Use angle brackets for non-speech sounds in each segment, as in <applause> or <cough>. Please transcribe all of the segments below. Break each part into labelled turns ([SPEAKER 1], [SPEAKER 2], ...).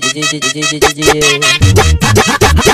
[SPEAKER 1] DJ, DJ, DJ, DJ, DJ.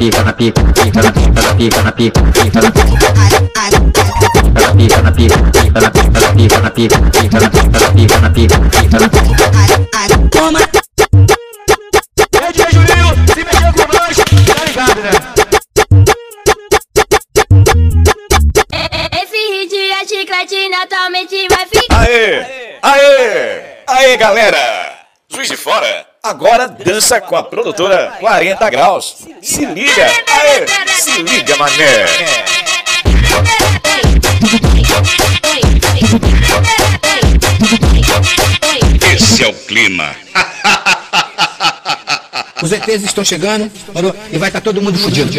[SPEAKER 1] pica, na pica, pica, na pica, na pica, na pica, pica, na pica, na pica, pica, na pica, na pica, na pica, pica, na pica, na pica, na pica, pica, na pica, toma. É na Julinho, se mexer com nós, tá ligado, né? Esse hit é chiclete, naturalmente vai ficar. Aê, aê, aê, galera! Juiz de fora. Agora dança com a produtora 40 Graus. Se liga! Aê, se liga, mané! Esse é o clima. <laughs> Os ETs estão chegando e vai estar tá todo mundo fudido.